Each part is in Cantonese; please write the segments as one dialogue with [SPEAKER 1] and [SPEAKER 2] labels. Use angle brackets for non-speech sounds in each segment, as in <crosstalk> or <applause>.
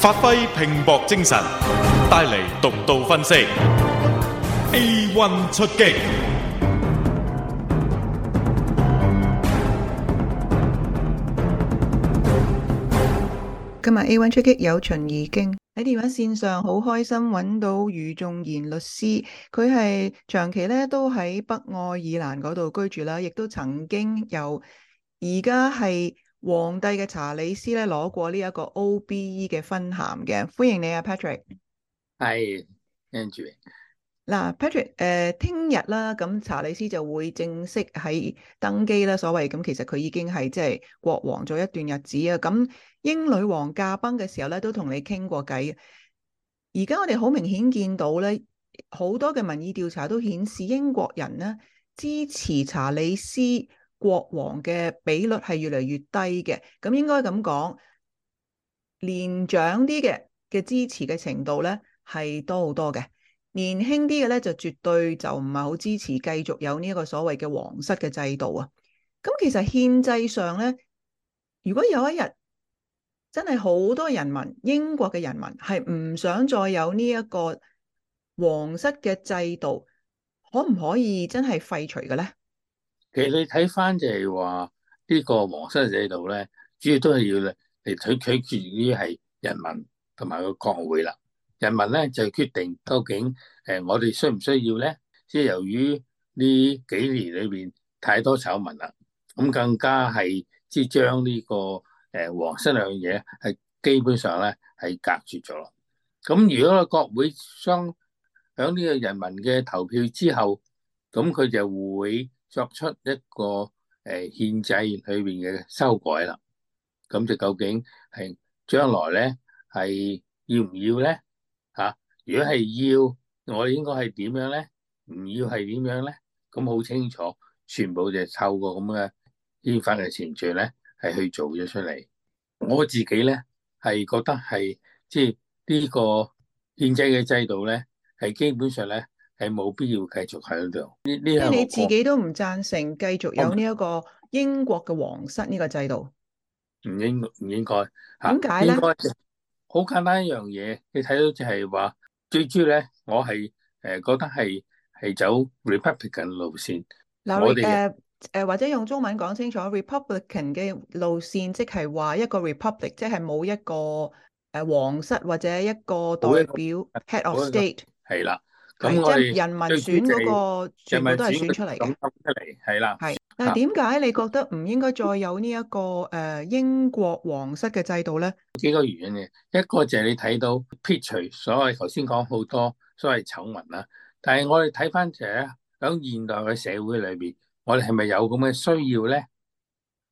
[SPEAKER 1] 發揮拼搏精神，帶嚟獨到分析。A one 出擊，
[SPEAKER 2] 今日 A one 出擊有秦義經喺電話線上，好開心揾到余仲賢律師，佢係長期都喺北愛爾蘭嗰度居住啦，亦都曾經有，而家係，皇帝嘅查理斯咧攞過呢一個 OBE 嘅勳銜嘅，歡迎你啊 Patrick。係 Hi ,
[SPEAKER 1] Andrew Andrew.。
[SPEAKER 2] 嗱 Patrick，誒、呃，聽日啦，咁查理斯就會正式喺登基啦，所謂咁，其實佢已經係即係國王咗一段日子啊。咁英女王駕崩嘅時候咧，都同你傾過偈。而家我哋好明顯見到咧，好多嘅民意調查都顯示英國人咧支持查理斯國王嘅比率係越嚟越低嘅，咁應該咁講，年長啲嘅嘅支持嘅程度咧係多好多嘅，年輕啲嘅咧就絕對就唔係好支持繼續有呢一個所謂嘅皇室嘅制度啊。咁其實憲制上咧，如果有一日真係好多人民，英國嘅人民係唔想再有呢一個皇室嘅制度，可唔可以真係廢除嘅咧？
[SPEAKER 1] 其實你睇翻，就係話呢個王室制度咧，主要都係要嚟取取決於係人民同埋個國會啦。人民咧就決定究竟誒，我哋需唔需要咧？即係由於呢幾年裏邊太多醜聞啦，咁更加係即係將呢個誒王室兩樣嘢係基本上咧係隔絕咗。咁如果個國會響響呢個人民嘅投票之後，咁佢就會。作出一個誒憲、呃、制裏邊嘅修改啦，咁就究竟係將來咧係要唔要咧吓、啊？如果係要，我應該係點樣咧？唔要係點樣咧？咁好清楚，全部就係透過咁嘅憲法嘅程序咧，係去做咗出嚟。我自己咧係覺得係即係呢、這個憲制嘅制度咧，係基本上咧。係冇必要繼續喺嗰度。即係你自己
[SPEAKER 2] 都唔贊成繼續有呢一個英國嘅皇室呢個制度？唔
[SPEAKER 1] 應唔應該？點解咧？應該好簡單一樣嘢，你睇到就係話最主要咧，我係誒覺得係係走 Republican 路線。嗱誒
[SPEAKER 2] 誒，或者用中文講清楚，Republican 嘅路線即係話一個 Republic，即係冇一個誒皇室或者一個代表 head of state。
[SPEAKER 1] 係啦。咁即係人民選嗰個全部都係選出嚟嘅，出嚟係啦。係，但
[SPEAKER 2] 係點解你覺得唔應該再有呢一個誒英國皇室嘅制度咧？
[SPEAKER 1] 幾個原因嘅，一個就係你睇到撇除所謂頭先講好多所謂醜聞啦。但係我哋睇翻就係喺現代嘅社會裏邊，我哋係咪有咁嘅需要咧？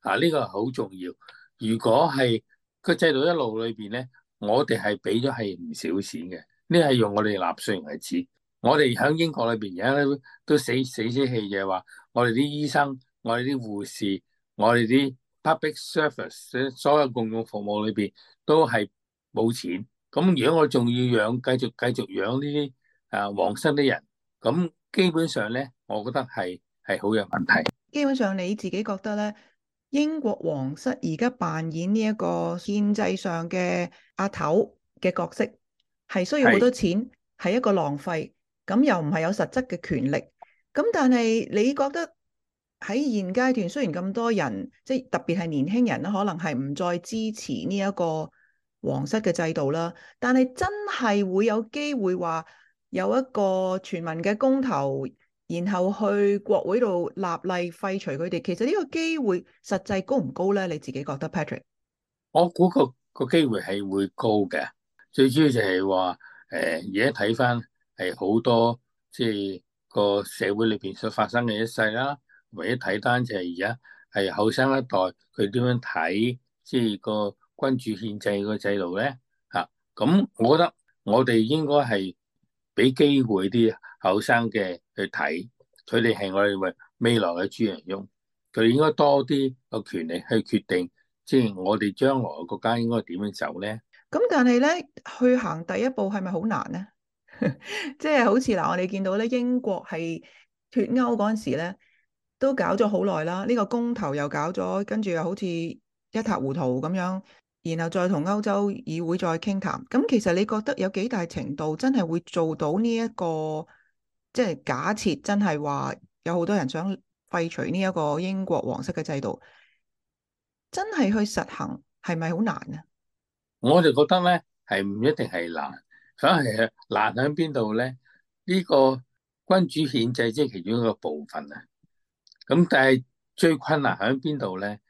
[SPEAKER 1] 啊，呢個好重要。如果係個制度一路裏邊咧，我哋係俾咗係唔少錢嘅，呢係用我哋納稅人嘅錢。我哋響英國裏邊而家都都死死死氣嘅話，我哋啲醫生、我哋啲護士、我哋啲 public service 所有共用服務裏邊都係冇錢。咁如果我仲要養，繼續繼續養呢啲啊皇室啲人，咁基本上咧，我覺得係係好有問
[SPEAKER 2] 題。基本上你自己覺得咧，英國皇室而家扮演呢一個憲制上嘅阿頭嘅角色，係需要好多錢，係是一個浪費。咁又唔係有實質嘅權力咁，但係你覺得喺現階段，雖然咁多人即係特別係年輕人啦，可能係唔再支持呢一個皇室嘅制度啦，但係真係會有機會話有一個全民嘅公投，然後去國會度立例廢除佢哋。其實呢個機會實際高唔高咧？你自己覺得，Patrick？
[SPEAKER 1] 我估個個機會係會高嘅，最主要就係話誒，而家睇返。係好多即係個社會裏邊所發生嘅一世啦，唯一睇單就係而家係後生一代佢點樣睇即係個君主憲制個制度咧嚇。咁、啊、我覺得我哋應該係俾機會啲後生嘅去睇。佢哋係我哋為未來嘅主人翁，佢哋應該多啲個權力去決定，即係我哋將來個國家應該點樣走咧。
[SPEAKER 2] 咁但係咧去行第一步係咪好難咧？ <laughs> 即係好似嗱，我哋見到咧，英國係脫歐嗰陣時咧，都搞咗好耐啦。呢個公投又搞咗，跟住又好似一塌糊塗咁樣，然後再同歐洲議會再傾談。咁其實你覺得有幾大程度真係會做到呢一個？即係假設真係話有好多人想廢除呢一個英國皇室嘅制度，真係去實行係咪好難啊？
[SPEAKER 1] 我就覺得咧，係唔一定係難。反係難喺邊度咧？呢、這個君主憲制即係其中一個部分啊。咁但係最困難喺邊度咧？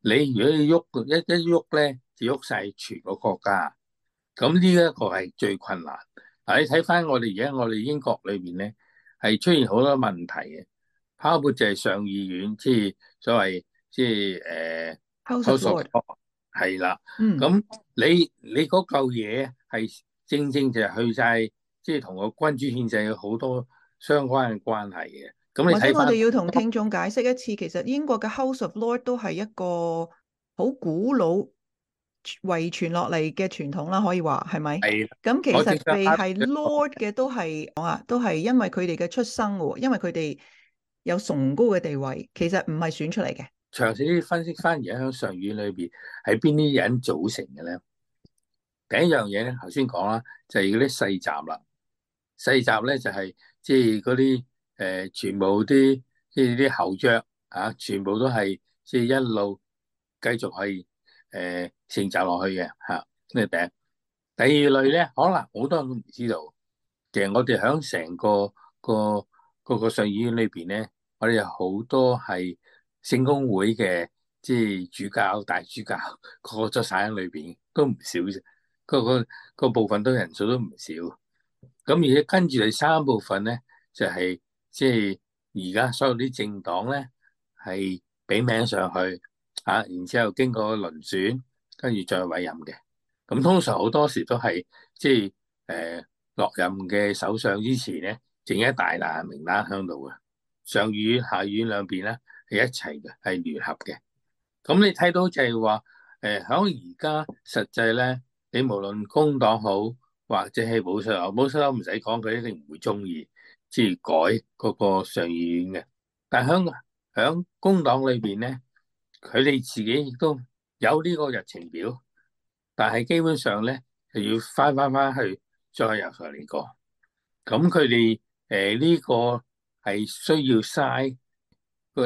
[SPEAKER 1] 你如果要喐一一喐咧，就喐晒全個國家。咁呢一個係最困難。嗱，你睇翻我哋而家我哋英國裏邊咧，係出現好多問題嘅，包括就係上議院即係所謂即係誒。保守黨係啦，咁、嗯、你你嗰嚿嘢係。正正就係去晒，即係同個君主憲制有好多相關嘅關係嘅。咁你或者我哋要同
[SPEAKER 2] 聽眾解釋一次，其實英國嘅 House of Lords 都係一個好古老遺傳落嚟嘅傳統啦，可以話係咪？係。咁的其實地係 Lord 嘅都係，我話都係因為佢哋嘅出生嘅，因為佢哋有崇高嘅地位，其實唔係選出嚟嘅。
[SPEAKER 1] 詳細啲分析翻而家喺上院裏邊係邊啲人組成嘅咧？第一樣嘢咧，頭先講啦，就係嗰啲細集啦。細集咧就係、是、即係嗰啲誒，全部啲即啲啲侯爵啊，全部都係即係一路繼續係誒、呃、成長落去嘅嚇。呢、啊、頂第二類咧，可能好多人都唔知道，其實我哋喺成個個個個上議院裏邊咧，我哋有好多係聖公會嘅，即係主教、大主教，個個都散喺裏邊，都唔少。個個個部分都人數都唔少，咁而且跟住第三部分咧，就係即係而家所有啲政黨咧係俾名上去吓，然之後經過輪選，跟住再委任嘅。咁通常好多時都係即係誒落任嘅首相之前咧，整一大籃名單喺度嘅，上院下院兩邊咧係一齊嘅，係聯合嘅。咁你睇到就係話誒，響而家實際咧。你無論工黨好，或者係保守黨，保守黨唔使講，佢一定唔會中意，即係改嗰個上議院嘅。但香港，響工黨裏邊咧，佢哋自己亦都有呢個日程表，但係基本上咧，就要返返返去再入去嚟過。咁佢哋誒呢個係需要嘥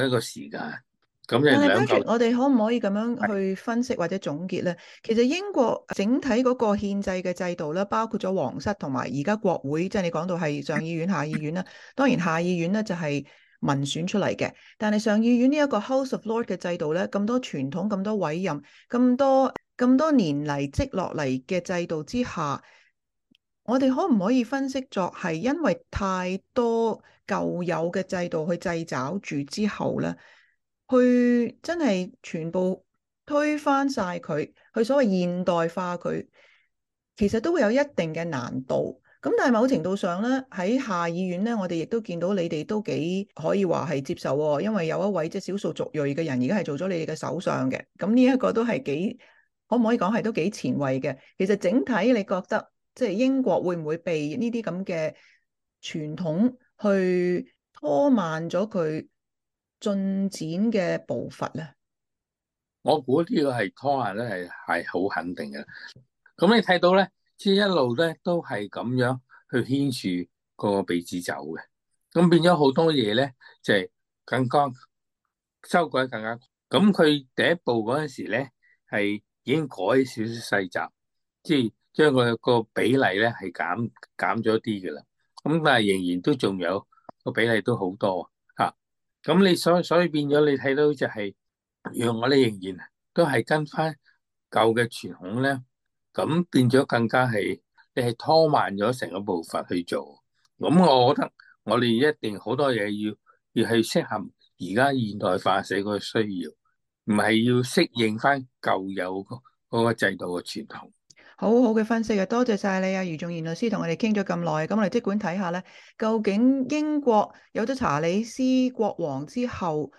[SPEAKER 1] 一個時間。但係跟住，我
[SPEAKER 2] 哋可唔可以咁樣去分析或者總結呢？是的 其實英國整體嗰個憲制嘅制度咧，包括咗皇室同埋而家國會，即係你講到係上議院、下議院啦。當然下議院咧就係民選出嚟嘅，但係上議院呢一個 House of Lords 嘅制度咧，咁多傳統、咁多委任、咁多咁多年嚟積落嚟嘅制度之下，我哋可唔可以分析作係因為太多舊有嘅制度去掣肘住之後咧？去真係全部推翻晒佢，去所謂現代化佢，其實都會有一定嘅難度。咁但係某程度上咧，喺下議院咧，我哋亦都見到你哋都幾可以話係接受。因為有一位即係少數族裔嘅人而家係做咗你哋嘅首相嘅，咁呢一個都係幾，可唔可以講係都幾前衛嘅。其實整體你覺得即係、就是、英國會唔會被呢啲咁嘅傳統去拖慢咗佢？進展嘅步伐咧，
[SPEAKER 1] 我估呢個係拖下咧，係係好肯定嘅。咁你睇到咧，即係一路咧都係咁樣去牽住個鼻子走嘅。咁變咗好多嘢咧，就係更加收攰更加。咁佢第一步嗰陣時咧，係已經改少少細集，即係將佢個比例咧係減減咗啲嘅啦。咁但係仍然都仲有個比例都好多。咁你所所以變咗，你睇到就係，讓我哋仍然都係跟翻舊嘅傳統咧，咁變咗更加係，你係拖慢咗成個步伐去做。咁我覺得我哋一定好多嘢要要係適合而家現代化社會嘅需要，唔係要適應翻舊有嗰個嗰個制度嘅傳統。
[SPEAKER 2] 好好嘅分析啊！多謝晒你啊，余仲賢律師同我哋傾咗咁耐，咁我哋即管睇下咧，究竟英國有咗查理斯國王之後，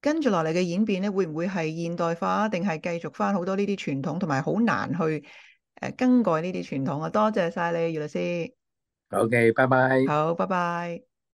[SPEAKER 2] 跟住落嚟嘅演變咧，會唔會係現代化，定係繼續翻好多呢啲傳統，同埋好難去誒更改呢啲傳統啊！多謝晒你，余律師。OK，拜拜。好，拜拜。